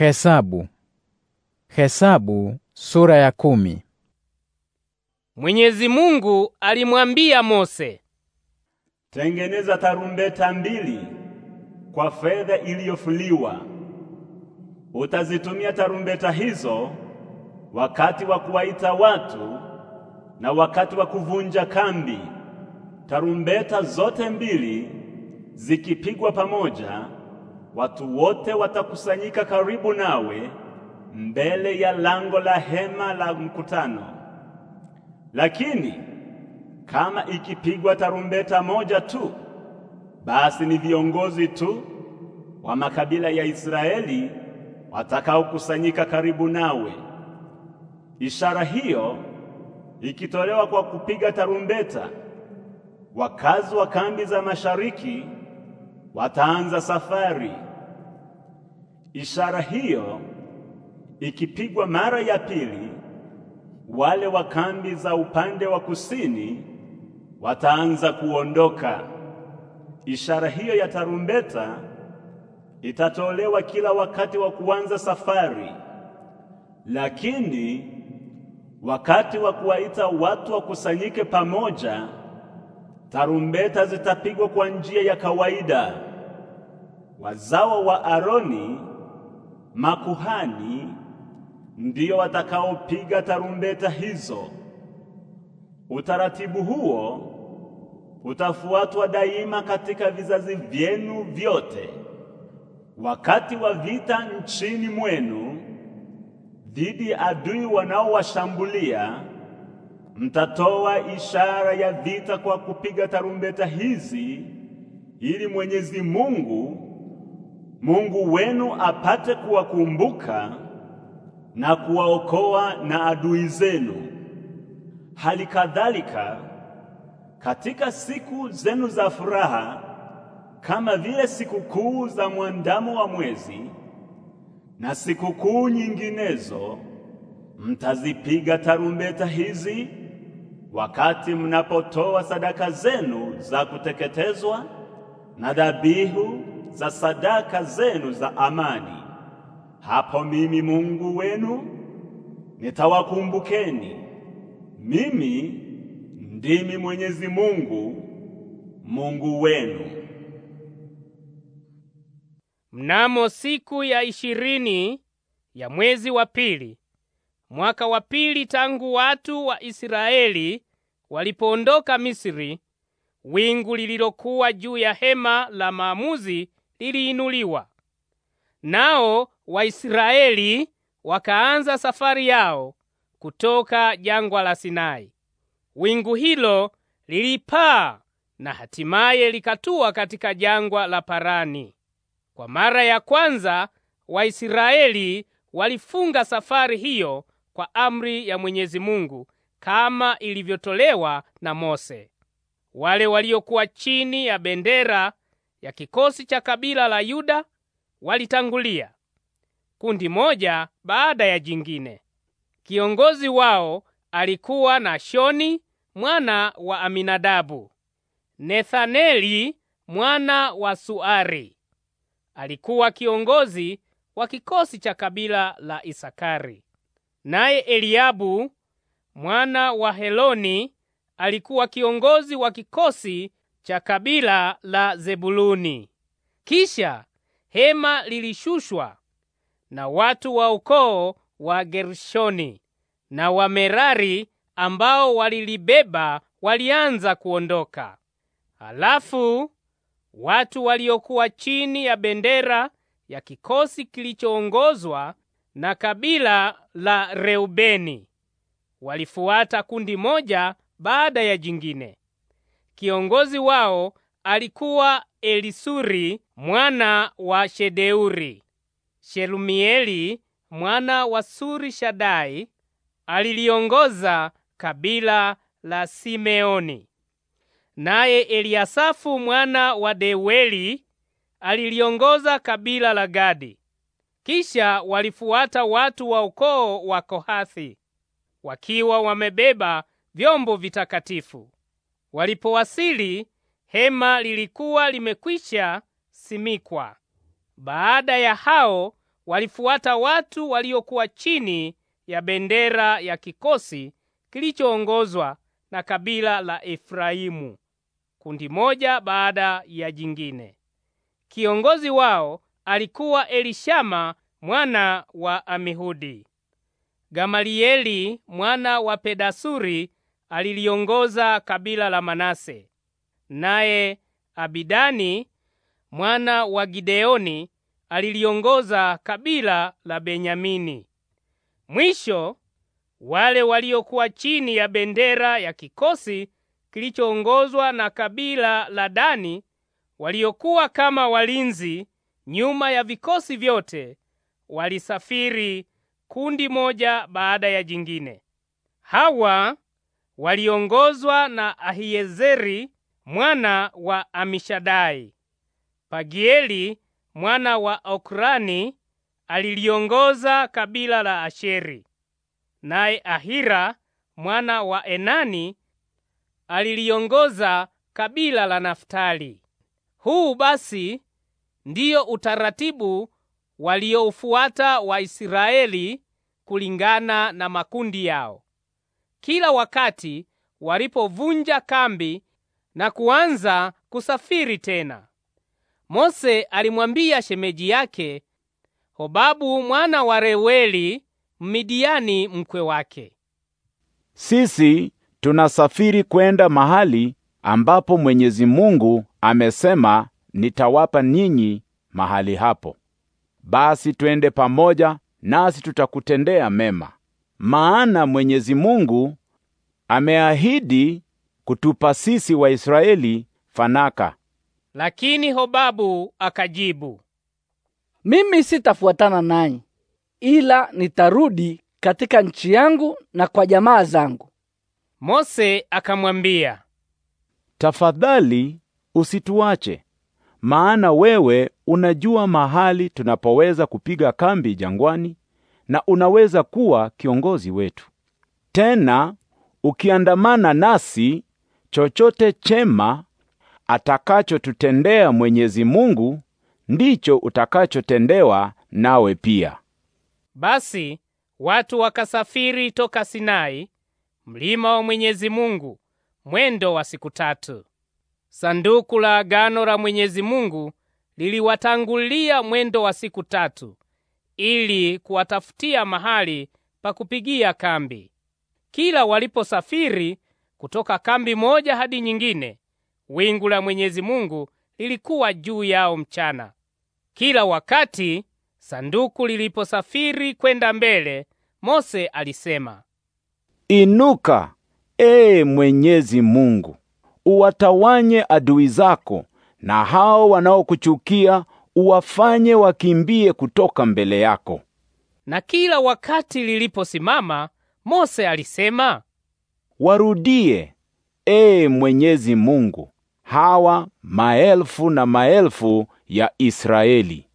Hesabu. Hesabu sura ya kumi. Mwenyezi Mungu alimwambia Mose, tengeneza tarumbeta mbili kwa fedha iliyofuliwa. Utazitumia tarumbeta hizo wakati wa kuwaita watu na wakati wa kuvunja kambi. Tarumbeta zote mbili zikipigwa pamoja watu wote watakusanyika karibu nawe mbele ya lango la hema la mkutano. Lakini kama ikipigwa tarumbeta moja tu, basi ni viongozi tu wa makabila ya Israeli watakaokusanyika karibu nawe. Ishara hiyo ikitolewa kwa kupiga tarumbeta, wakazi wa kambi za mashariki wataanza safari. Ishara hiyo ikipigwa mara ya pili, wale wa kambi za upande wa kusini wataanza kuondoka. Ishara hiyo ya tarumbeta itatolewa kila wakati wa kuanza safari, lakini wakati wa kuwaita watu wakusanyike pamoja tarumbeta zitapigwa kwa njia ya kawaida. Wazao wa Aroni makuhani ndio watakaopiga tarumbeta hizo. Utaratibu huo utafuatwa daima katika vizazi vyenu vyote. Wakati wa vita nchini mwenu dhidi ya adui wanaowashambulia mtatoa ishara ya vita kwa kupiga tarumbeta hizi, ili Mwenyezi Mungu Mungu wenu apate kuwakumbuka na kuwaokoa na adui zenu. Hali kadhalika katika siku zenu za furaha, kama vile sikukuu za mwandamo wa mwezi na sikukuu nyinginezo, mtazipiga tarumbeta hizi wakati mnapotoa sadaka zenu za kuteketezwa na dhabihu za sadaka zenu za amani, hapo mimi Mungu wenu nitawakumbukeni. Mimi ndimi Mwenyezi Mungu Mungu wenu. Mnamo siku ya ishirini ya mwezi wa pili mwaka wa pili tangu watu wa Israeli walipoondoka Misri, wingu lililokuwa juu ya hema la maamuzi liliinuliwa, nao Waisraeli wakaanza safari yao kutoka jangwa la Sinai. Wingu hilo lilipaa na hatimaye likatua katika jangwa la Parani. Kwa mara ya kwanza Waisraeli walifunga safari hiyo kwa amri ya Mwenyezi Mungu kama ilivyotolewa na Mose. Wale waliokuwa chini ya bendera ya kikosi cha kabila la Yuda walitangulia kundi moja baada ya jingine. Kiongozi wao alikuwa shoni mwana wa Aminadabu. Nethaneli mwana wa Suari alikuwa kiongozi wa kikosi cha kabila la Isakari. Naye Eliabu mwana wa Heloni alikuwa kiongozi wa kikosi cha kabila la Zebuluni. Kisha hema lilishushwa na watu wa ukoo wa Gershoni na wa merari ambao walilibeba walianza kuondoka. Halafu watu waliokuwa chini ya bendera ya kikosi kilichoongozwa na kabila la Reubeni walifuata kundi moja baada ya jingine. Kiongozi wao alikuwa Elisuri mwana wa Shedeuri. Shelumieli mwana wa Suri Shadai aliliongoza kabila la Simeoni, naye Eliasafu mwana wa Deweli aliliongoza kabila la Gadi. Kisha walifuata watu wa ukoo wa Kohathi wakiwa wamebeba vyombo vitakatifu. Walipowasili, hema lilikuwa limekwisha simikwa. Baada ya hao walifuata watu waliokuwa chini ya bendera ya kikosi kilichoongozwa na kabila la Efraimu, kundi moja baada ya jingine. Kiongozi wao alikuwa Elishama mwana wa Amihudi. Gamalieli mwana wa Pedasuri aliliongoza kabila la Manase, naye Abidani mwana wa Gideoni aliliongoza kabila la Benyamini. Mwisho wale waliokuwa chini ya bendera ya kikosi kilichoongozwa na kabila la Dani, waliokuwa kama walinzi nyuma ya vikosi vyote, walisafiri kundi moja baada ya jingine. Hawa waliongozwa na Ahiezeri mwana wa Amishadai. Pagieli mwana wa Okrani aliliongoza kabila la Asheri, naye Ahira mwana wa Enani aliliongoza kabila la Naftali. Huu basi ndiyo utaratibu walioufuata Waisraeli kulingana na makundi yao. Kila wakati walipovunja kambi na kuanza kusafiri tena, Mose alimwambia shemeji yake Hobabu mwana wa Reweli Midiani mkwe wake, sisi tunasafiri kwenda mahali ambapo Mwenyezi Mungu amesema nitawapa ninyi mahali hapo basi twende pamoja nasi tutakutendea mema, maana Mwenyezi Mungu ameahidi kutupa sisi Waisraeli fanaka. Lakini Hobabu akajibu, mimi sitafuatana nanyi, ila nitarudi katika nchi yangu na kwa jamaa zangu. Mose akamwambia, tafadhali usituache maana wewe unajua mahali tunapoweza kupiga kambi jangwani na unaweza kuwa kiongozi wetu. Tena ukiandamana nasi, chochote chema atakachotutendea Mwenyezi Mungu ndicho utakachotendewa nawe pia. Basi watu wakasafiri toka Sinai, mlima wa Mwenyezi Mungu, mwendo wa siku tatu. Sanduku la agano la Mwenyezi Mungu liliwatangulia mwendo wa siku tatu ili kuwatafutia mahali pa kupigia kambi. Kila waliposafiri kutoka kambi moja hadi nyingine, wingu la Mwenyezi Mungu lilikuwa juu yao mchana. Kila wakati sanduku liliposafiri kwenda mbele, Mose alisema, Inuka, ee Mwenyezi Mungu, uwatawanye adui zako, na hao wanaokuchukia uwafanye wakimbie kutoka mbele yako. Na kila wakati liliposimama, Mose alisema, warudie, ee Mwenyezi Mungu, hawa maelfu na maelfu ya Israeli.